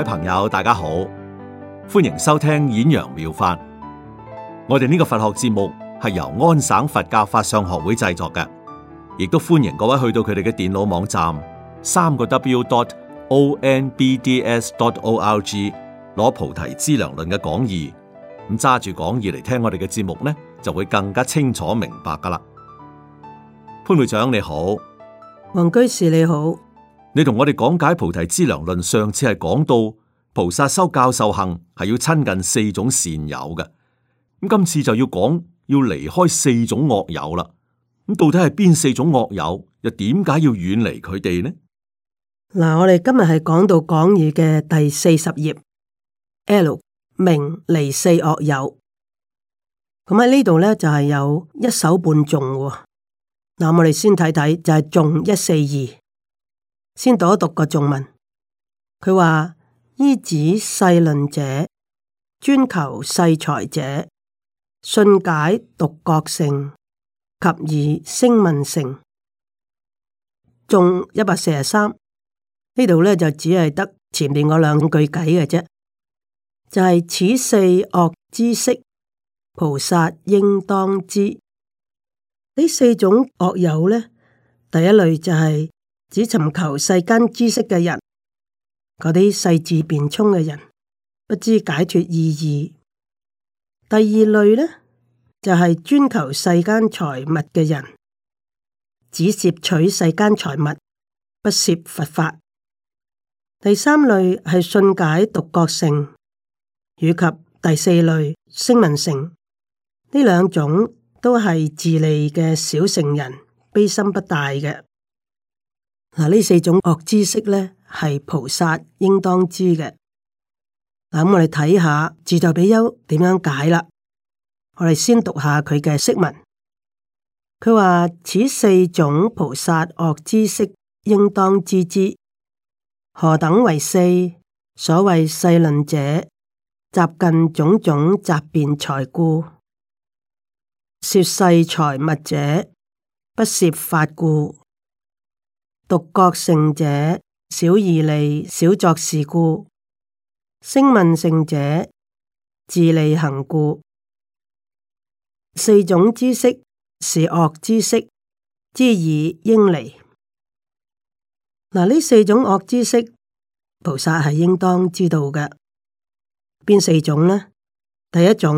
各位朋友，大家好，歡迎收聽演揚妙，妙法。我哋呢個佛學節目係由安省佛教法上學會製作嘅，亦都歡迎各位去到佢哋嘅電腦網站三個 w.dot.o.n.b.d.s.dot.o.r.g 攞菩提資糧論嘅講義，咁揸住講義嚟聽我哋嘅節目呢，就會更加清楚明白噶啦。潘會長你好，王居士你好。你同我哋講解菩提資糧論，上次係講到菩薩修教受行係要親近四種善友嘅，咁今次就要講要離開四種惡友啦。咁到底係邊四種惡友？又點解要遠離佢哋呢？嗱、嗯，我哋今日係講到講義嘅第四十頁，L 明離四惡友。咁、嗯、喺呢度咧就係、是、有一手半眾。嗱、嗯，我哋先睇睇就係、是、眾一四二。先讀一讀個頌文，佢話，依止世論者，專求世財者，信解獨覺乘及以聲聞乘。頌一百四十三呢度咧就只係得前面嗰兩句偈嘅啫，就係、是、此四惡知識，菩薩應當知。呢四種惡友咧，第一類就係、是。只尋求世間知識嘅人，嗰啲世智辯聰嘅人，不知解脱意義。第二類呢，就係、是、專求世間財物嘅人，只攝取世間財物，不攝佛法。第三類係信解獨覺聖，以及第四類聲聞聖。呢兩種都係自利嘅小聖人，悲心不大嘅。嗱，呢四種惡知識咧，係菩薩應當知嘅。嗱、嗯，咁我哋睇下《自在比丘》點樣解啦。我哋先讀下佢嘅釋文。佢話：此四種菩薩惡知識應當知之。何等為四？所謂世論者，習近種種雜辯才故，涉世財物者，不涉法故。獨覺聖者小而慮，小作事故；聲聞聖者自利行故。四種知識是惡知識，知以應離。嗱，呢四種惡知識，菩薩係應當知道嘅。邊四種呢？第一種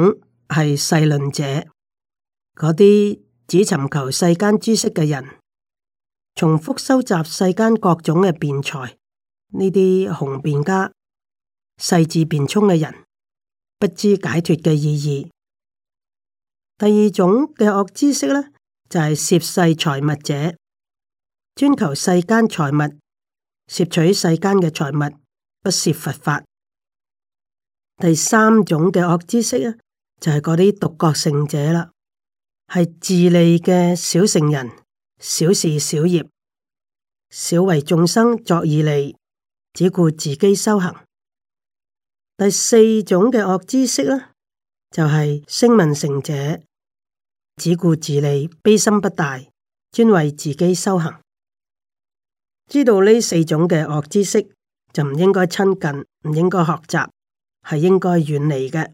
係世論者，嗰啲只尋求世間知識嘅人。重複收集世間各種嘅辯才，呢啲雄辯家、細緻辯聰嘅人，不知解脱嘅意義。第二種嘅惡知識呢，就係、是、涉世財物者，專求世間財物，攝取世間嘅財物，不涉佛法。第三種嘅惡知識呢，就係嗰啲獨覺聖者啦，係自利嘅小聖人。小事小業，小為眾生作義利，只顧自己修行。第四種嘅惡知識呢就係、是、聲聞乘者，只顧自利，悲心不大，專為自己修行。知道呢四種嘅惡知識，就唔應該親近，唔應該學習，係應該遠離嘅。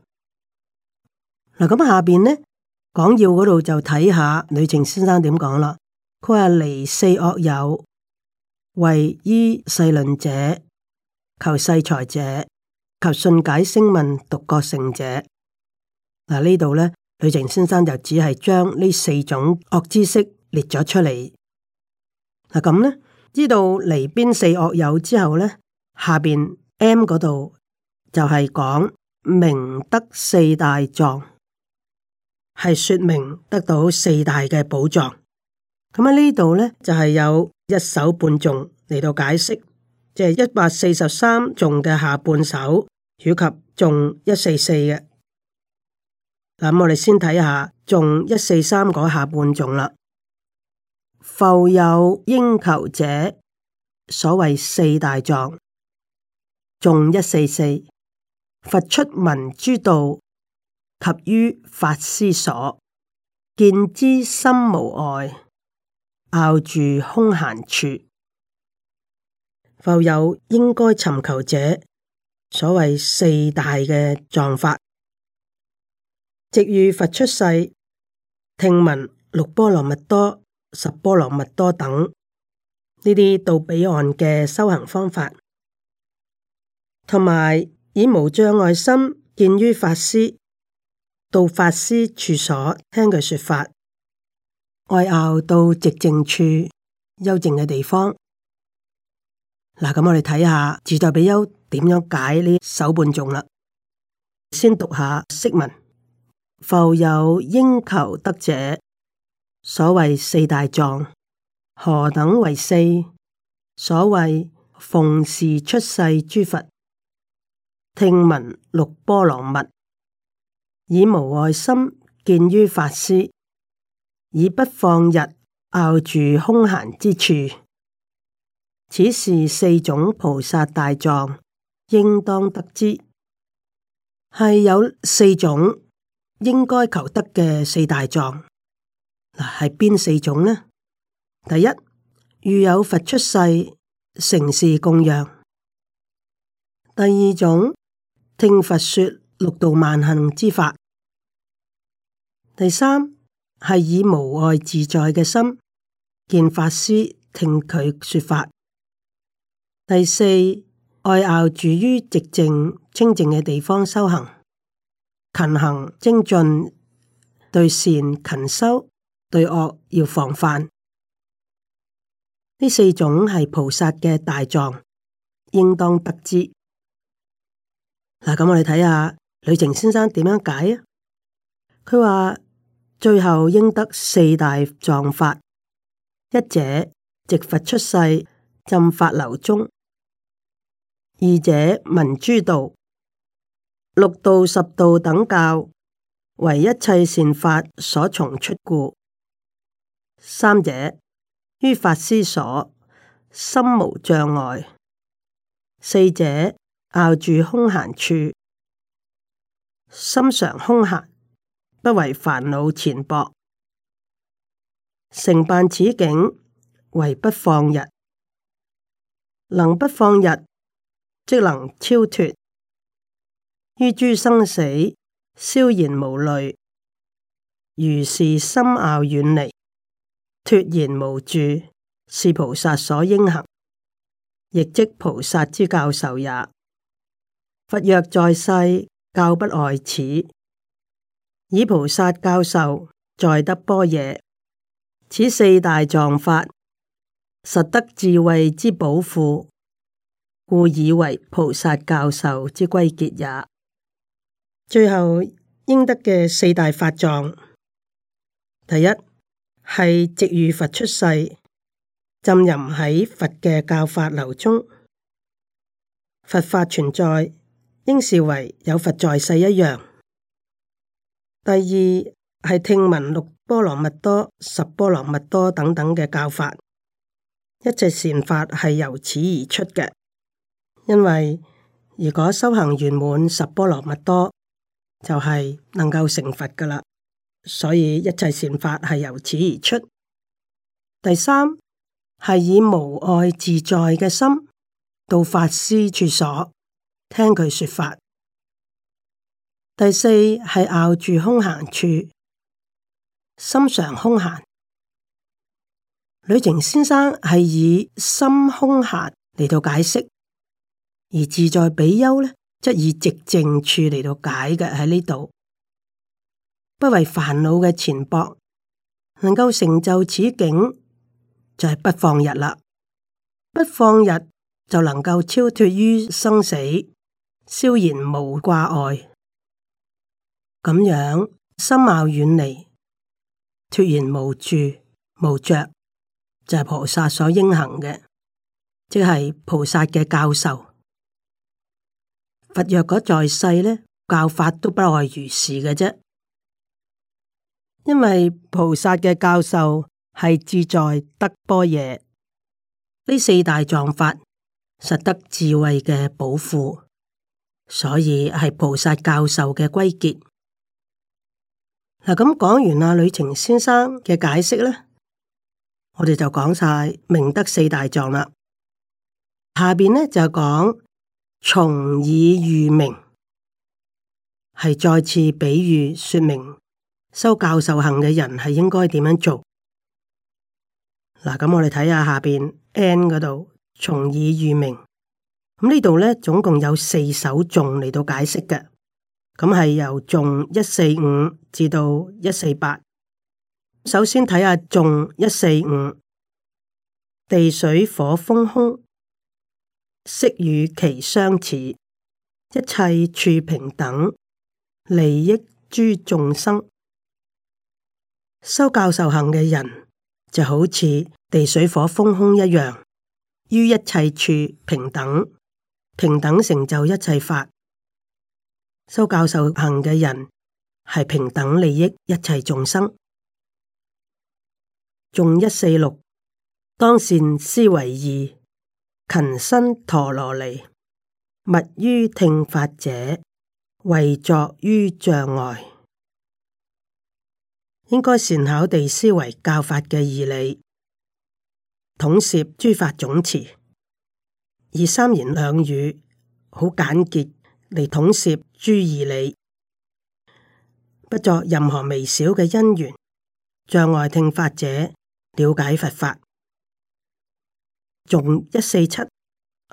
嗱，咁下邊呢講要嗰度就睇下呂澂先生點講啦。佢話離四惡友為依世論者、求世財者及信解聲聞獨覺聖者。嗱呢度咧，呂澂先生就只係將呢四種惡知識列咗出嚟。嗱咁咧，知道離邊四惡友之後咧，下邊 M 嗰度就係講「明得四大藏」，係說明得到四大嘅寶藏。咁喺呢度咧，就係、是、有一首半頌嚟到解釋，即係一百四十三頌嘅下半首，以及頌一四四嘅。嗱，咁我哋先睇下頌一四三嗰，下半頌啦。復有應求者，所謂四大眾。頌一四四，佛出聞諸道，及於法施所見之心無礙。咬住空閒處，復有應該尋求者，所謂四大嘅狀法，值遇佛出世，聽聞六波羅蜜多、十波羅蜜多等呢啲到彼岸嘅修行方法，同埋以無障礙心見于法師到法師處所聽佢說法。外拗到寂靜處，幽靜嘅地方。嗱，咁我哋睇下自在比丘點樣解呢首半頌啦。先讀下釋文：復有應求得者，所謂四大藏，何等為四？所謂逢時出世諸佛，聽聞六波羅蜜，以無礙心見於法師。以不放逸，熬住空閒之處。此事四種菩薩大狀，應當得知，係有四種應該求得嘅四大狀。嗱，係邊四種呢？第一，遇有佛出世，成事供養；第二種，聽佛說六度萬行之法；第三。係以無礙自在嘅心見法師聽佢說法。第四，愛孝住於寂靜清靜嘅地方修行，勤行精進，對善勤修，對惡要防範。呢四種係菩薩嘅大狀，應當得知。嗱，咁我哋睇下呂靜先生點樣解啊？佢話。最後應得四大狀法：一者，值佛出世，任法流中；二者，聞諸道六度十度等教，為一切善法所從出故；三者，於法思所，心無障礙；四者，咬住空閒處，心常空閒。不為煩惱纏縛，成辦此境為不放逸。能不放逸，即能超脫於諸生死，消然無累，如是深奧遠離，脫然無助，是菩薩所應行，亦即菩薩之教授也。佛若在世，教不外此。以菩薩教授在德波耶，此四大藏法實得智慧之寶庫，故以為菩薩教授之歸結也。最後應得嘅四大法藏，第一係值遇佛出世，浸淫喺佛嘅教法流中，佛法存在，應視為有佛在世一樣。第二係聽聞六波羅蜜多、十波羅蜜多等等嘅教法，一切善法係由此而出嘅。因為如果修行圓滿十波羅蜜多，就係能夠成佛噶啦，所以一切善法係由此而出。第三係以無礙自在嘅心到法師處所聽佢說法。第四係咬住空閒處，心常空閒。呂澂先生係以心空閒嚟，到解釋，而自在比丘呢則以寂靜處嚟，到解嘅。喺呢度不為煩惱嘅纏縛，能夠成就此境，就係、是、不放逸啦。不放逸就能夠超脫於生死，消然無掛礙。咁樣心貌遠離，脫然無住無着，就係、是、菩薩所應行嘅，即係菩薩嘅教授。佛若果在世，呢教法都不外如是嘅啫，因為菩薩嘅教授係志在德般若呢四大藏法，實得智慧嘅寶庫，所以係菩薩教授嘅歸結。嗱，咁、啊、講完阿呂程先生嘅解釋呢，我哋就講晒明德四大狀啦。下面呢，就講從以喻明，係再次比喻說明修教授行嘅人係應該點樣做。嗱、啊，咁、嗯、我哋睇下下面「n 嗰度從以喻明，咁、嗯、呢度呢總共有四首頌嚟，到解釋嘅。咁係由眾一四五至到一四八，首先睇下眾一四五，地水火風空，悉與其相似，一切處平等，利益諸眾生，修教授行嘅人就好似地水火風空一樣，於一切處平等，平等成就一切法。修教受行嘅人係平等利益一切眾生。眾一四六，當善思維義，勤身陀羅尼，勿於聽法者為作於障礙。應該善巧地思維教法嘅義理，統攝諸法總持，而三言兩語好簡潔，嚟統攝諸義理，不作任何微小嘅因緣障礙聽法者了解佛法。頌一四七，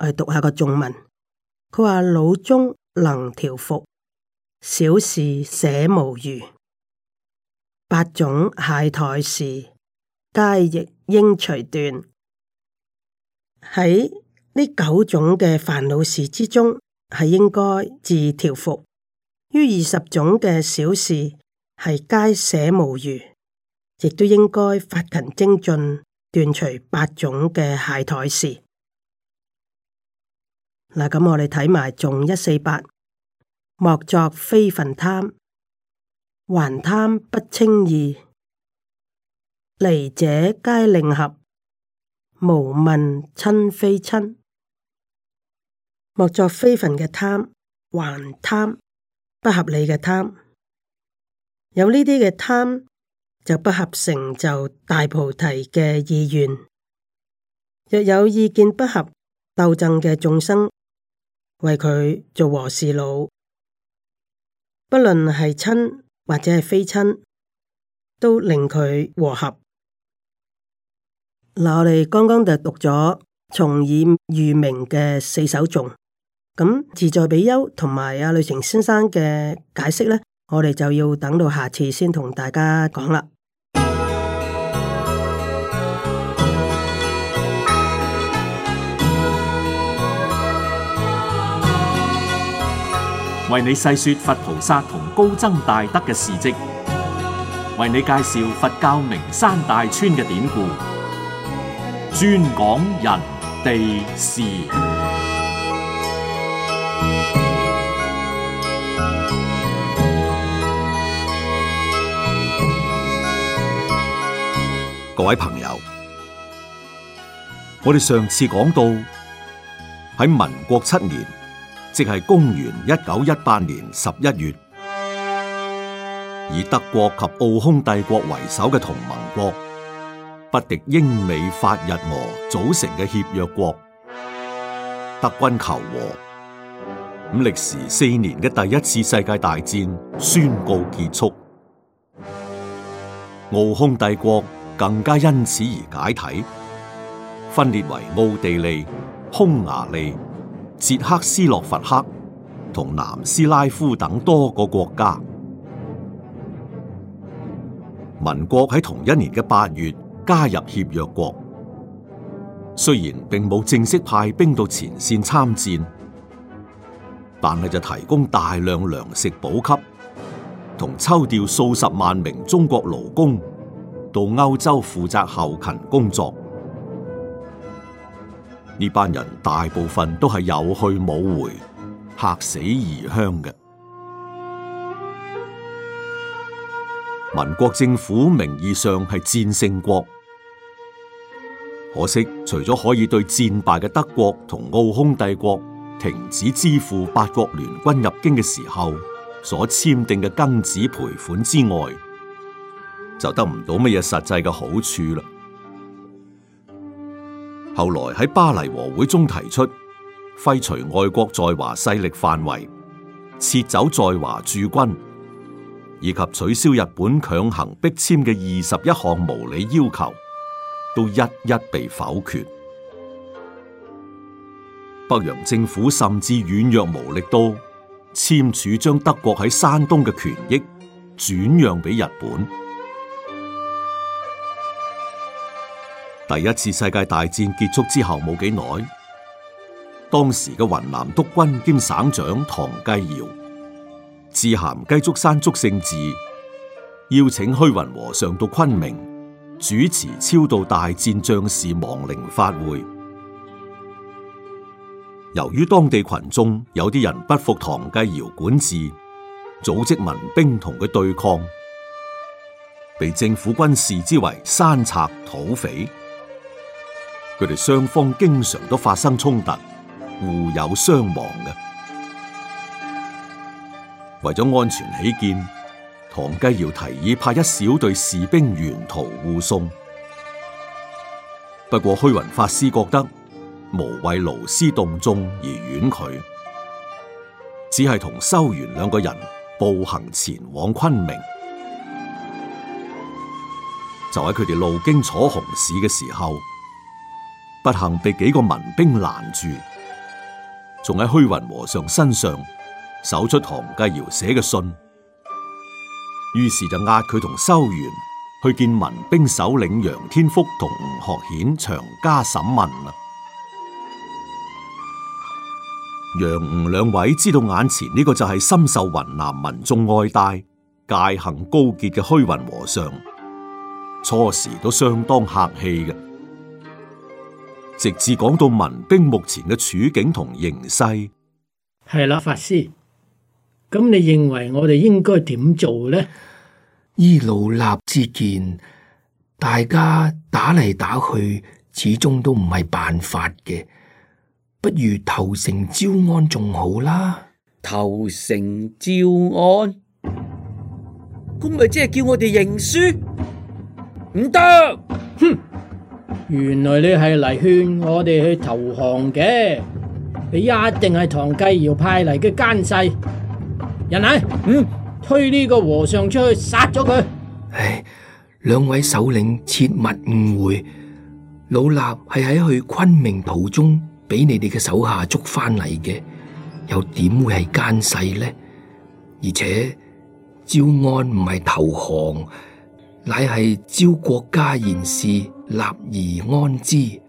我哋讀下個頌文。佢話：腦中能調伏，小事捨無餘。八種懈怠事，皆亦應隨斷。喺呢九種嘅煩惱事之中。係應該自調伏於二十種嘅小事，係皆捨無餘，亦都應該發勤精進斷除八種嘅懈怠事。嗱，咁 我哋睇埋仲一四八，莫作非分貪，還貪不清義，離者皆令合，無問親非親。莫作非分嘅貪，還貪不合理嘅貪，有呢啲嘅貪就不合成就大菩提嘅意願。若有意見不合，鬥爭嘅眾生，為佢做和事佬，不論係親或者係非親，都令佢和合。我哋剛剛就讀咗從耳譽名嘅四首頌。咁自在比丘同埋阿呂程先生嘅解釋呢，我哋就要等到下次先同大家講啦。為你細說佛菩薩同高僧大德嘅事跡，為你介紹佛教名山大川嘅典故，專講人地事。各位朋友，我哋上次講到喺民國七年，即係公元一九一八年十一月，以德國及奧匈帝國為首嘅同盟國，不敵英美法日俄組成嘅協約國，德軍求和，咁歷時四年嘅第一次世界大戰宣告結束，奧匈帝國，更加因此而解體，分裂為奧地利、匈牙利、捷克斯洛伐克同南斯拉夫等多個國家。民國喺同一年嘅八月加入協約國，雖然並冇正式派兵到前線參戰，但係就提供大量糧食補給，同抽調數十萬名中國勞工。到歐洲負責後勤工作，呢班人大部分都係有去冇回，客死異鄉嘅。民國政府名義上係戰勝國，可惜除咗可以對戰敗嘅德國同奧匈帝國停止支付八國聯軍入京嘅時候所簽訂嘅庚子賠款之外。就得唔到乜嘢實際嘅好處啦。後來喺巴黎和會中提出廢除外國在華勢力範圍、撤走在華駐軍以及取消日本強行逼簽嘅二十一項無理要求，都一一被否決。北洋政府甚至軟弱無力到簽署將德國喺山東嘅權益轉讓俾日本。第一次世界大戰結束之後冇幾耐，當時嘅雲南督軍兼省長唐繼堯致函雞足山祝聖寺，邀請虛雲和尚到昆明主持超度大戰將士亡靈法會。由於當地群眾有啲人不服唐繼堯管治，組織民兵同佢對抗，被政府軍視之為山賊土匪。佢哋雙方經常都發生衝突，互有傷亡嘅。為咗安全起見，唐繼堯提議派一小隊士兵沿途護送。不過虛雲法師覺得無謂勞師動眾而遠佢，只係同修元兩個人步行前往昆明。就喺佢哋路經楚雄市嘅時候。不幸被幾個民兵攔住，仲喺虛雲和尚身上搜出唐繼堯寫嘅信，於是就押佢同修元去見民兵首領楊天福同吳學顯長加審問啦。楊吳兩位知道眼前呢個就係深受雲南民眾愛戴、戒行高潔嘅虛雲和尚，初時都相當客氣嘅。直至講到民兵目前嘅處境同形勢，係啦，法師。咁你認為我哋應該點做呢？依老衲之見，大家打嚟打去，始終都唔係辦法嘅，不如投誠招安仲好啦。投誠招安，咁咪即係叫我哋認輸？唔得！原來你係嚟勸我哋去投降嘅，你一定係唐繼堯派嚟嘅奸細。人啊，嗯，推呢個和尚出去殺咗佢。唉、哎，兩位首領切勿誤會，老衲係喺去昆明途中俾你哋嘅手下捉翻嚟嘅，又點會係奸細呢？而且招安唔係投降。乃係招國家賢士，立而安之。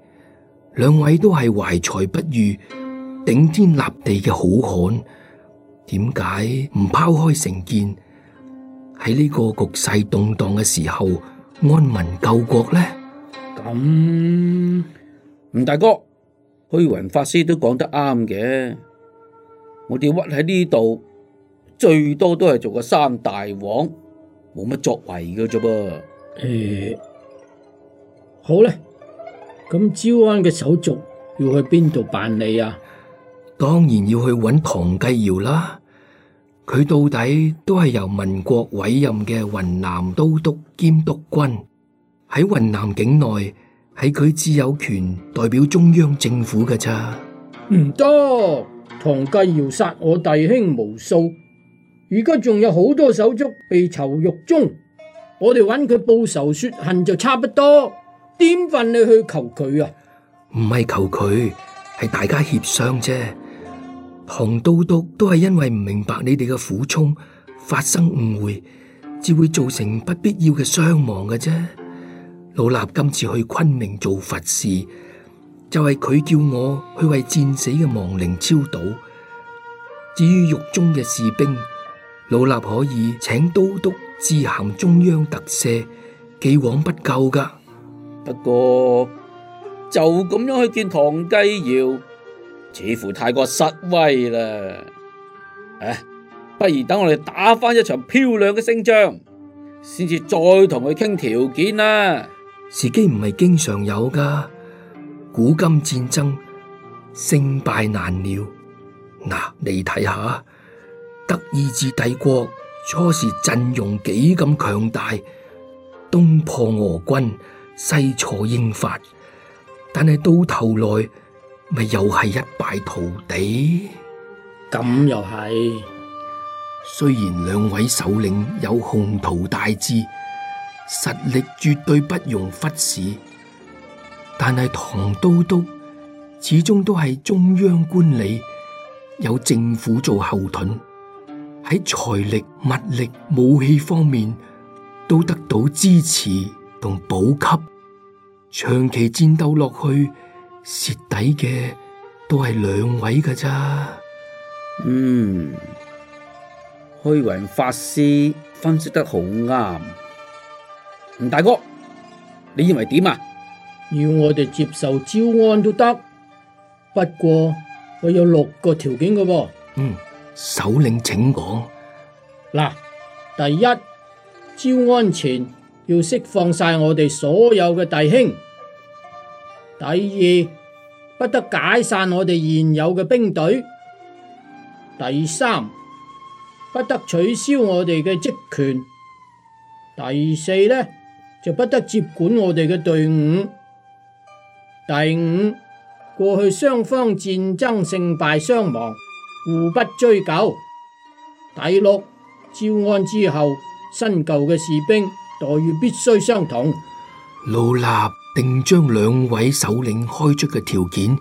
兩位都係懷才不遇、頂天立地嘅好漢，點解唔拋開成見，喺呢個局勢動盪嘅時候，安民救國呢？咁，嗯，吳大哥，虛雲法師都講得啱嘅，我哋屈喺呢度，最多都係做個三大王。冇乜作為嘅啫噃。誒，好咧，咁招安嘅手續要去邊度辦理啊？當然要去揾唐繼堯啦。佢到底都係由民國委任嘅雲南都督兼督軍，喺雲南境內喺佢自有權代表中央政府嘅咋。唔、嗯、多，唐繼堯殺我弟兄無數。而家仲有好多手足被囚獄中，我哋揾佢報仇雪恨就差不多。點份你去求佢啊？唔係求佢，係大家協商啫。唐都督都係因為唔明白你哋嘅苦衷，發生誤會，只會造成不必要嘅傷亡嘅啫。老衲今次去昆明做佛事，就係、是、佢叫我去為戰死嘅亡靈超度。至於獄中嘅士兵，老衲可以請都督自行中央特赦，既往不咎噶。不過就咁樣去見唐繼堯，似乎太過失威啦。啊，不如等我哋打返一場漂亮嘅勝仗，先至再同佢傾條件啦。時機唔係經常有噶，古今戰爭勝敗難料。嗱，啊，你睇下。德意志帝國初時陣容幾咁強大，東破俄軍，西挫英法，但係到頭來咪又係一敗塗地。咁又係，雖然兩位首領有宏圖大志，實力絕對不容忽視，但係唐都督始終都係中央官吏，有政府做後盾。喺財力、物力、武器方面都得到支持同補給，長期戰鬥落去蝕底嘅都係兩位噶咋？嗯，虛雲法師分析得好啱。吳大哥，你認為點啊？要我哋接受招安都得，不過我有六個條件噶噃。嗯。首領，請講。嗱，第一，招安前要釋放晒我哋所有嘅弟兄；第二，不得解散我哋現有嘅兵隊；第三，不得取消我哋嘅職權；第四呢，就不得接管我哋嘅隊伍；第五，過去雙方戰爭勝敗傷亡。互不追究。第六，招安之後，新舊嘅士兵待遇必須相同。老衲定將兩位首領開出嘅條件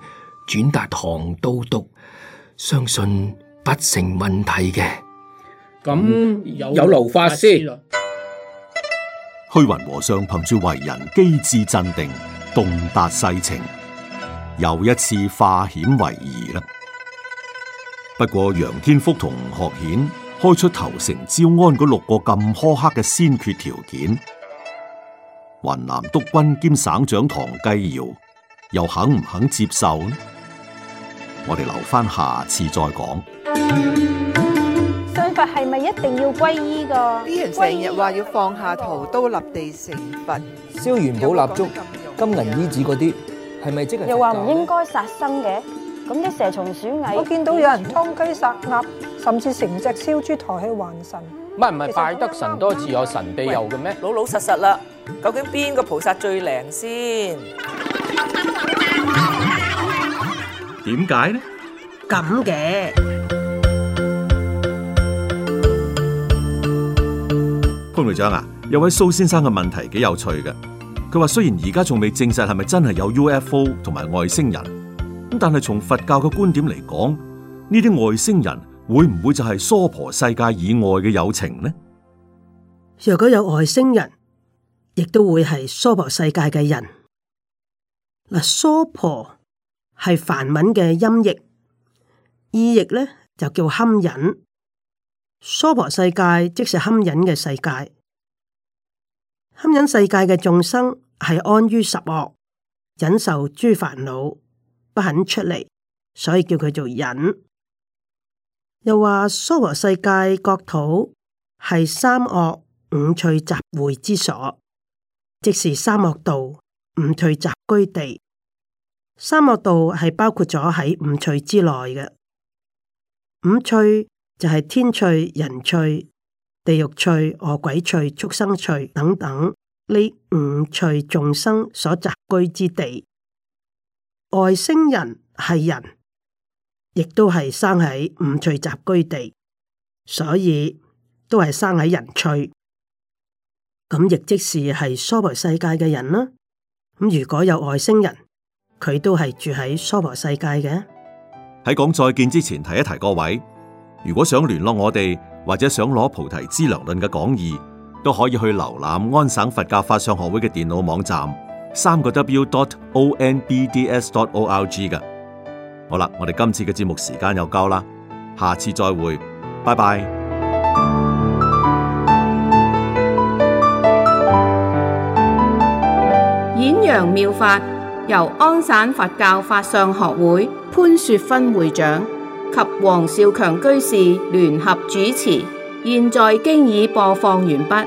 轉達唐都督，相信不成問題嘅。咁、嗯嗯、有勞法師。了虛雲和尚憑住為人機智鎮定、洞達世情，又一次化險為夷啦。不過楊天福同吳學顯開出投誠招安嗰六個咁苛刻嘅先決條件，雲南督軍兼省長唐繼堯又肯唔肯接受呢？我哋留翻下次再講。信佛係咪一定要皈依㗎？啲人成日話要放下屠刀立地成佛，燒元寶蠟燭、金銀衣紙嗰啲，係咪即係又話唔應該殺生嘅？咁啲蛇蟲鼠蟻，我見到有人劏雞殺鴨，嗯、甚至成隻燒豬抬去還神。唔係唔係，拜得神多似有神庇佑嘅咩？老老實實啦，究竟邊個菩薩最靈先？點解 呢？咁嘅潘隊長啊，有位蘇先生嘅問題幾有趣嘅。佢話雖然而家仲未證實係咪真係有 UFO 同埋外星人。但係從佛教嘅觀點嚟講，呢啲外星人會唔會就係娑婆世界以外嘅有情呢？若果有外星人，亦都會係娑婆世界嘅人。嗱，娑婆係梵文嘅音譯，意譯咧就叫堪忍。娑婆世界即是堪忍嘅世界，堪忍世界嘅眾生係安於十惡，忍受諸煩惱。不肯出嚟，所以叫佢做忍。又話娑婆世界國土係三惡五趣集會之所，即是三惡道、五趣集居地。三惡道係包括咗喺五趣之內嘅。五趣就係天趣、人趣、地獄趣、餓鬼趣、畜生趣等等，呢五趣眾生所集居之地。外星人係人，亦都係生喺五趣雜居地，所以都係生喺人趣。咁亦即是係娑婆世界嘅人啦。咁如果有外星人，佢都係住喺娑婆世界嘅。喺講再見之前，提一提各位，如果想聯絡我哋，或者想攞《菩提資糧論》嘅講義，都可以去瀏覽安省佛教法上學會嘅電腦網站。三個 w.dot.o.n.b.d.s.dot.o.r.g. 噶，好啦，我哋今次嘅節目時間又夠啦，下次再會，拜拜。演揚妙法由安省佛教法相學會潘雪芬會長及黃少強居士聯合主持，現在經已播放完畢。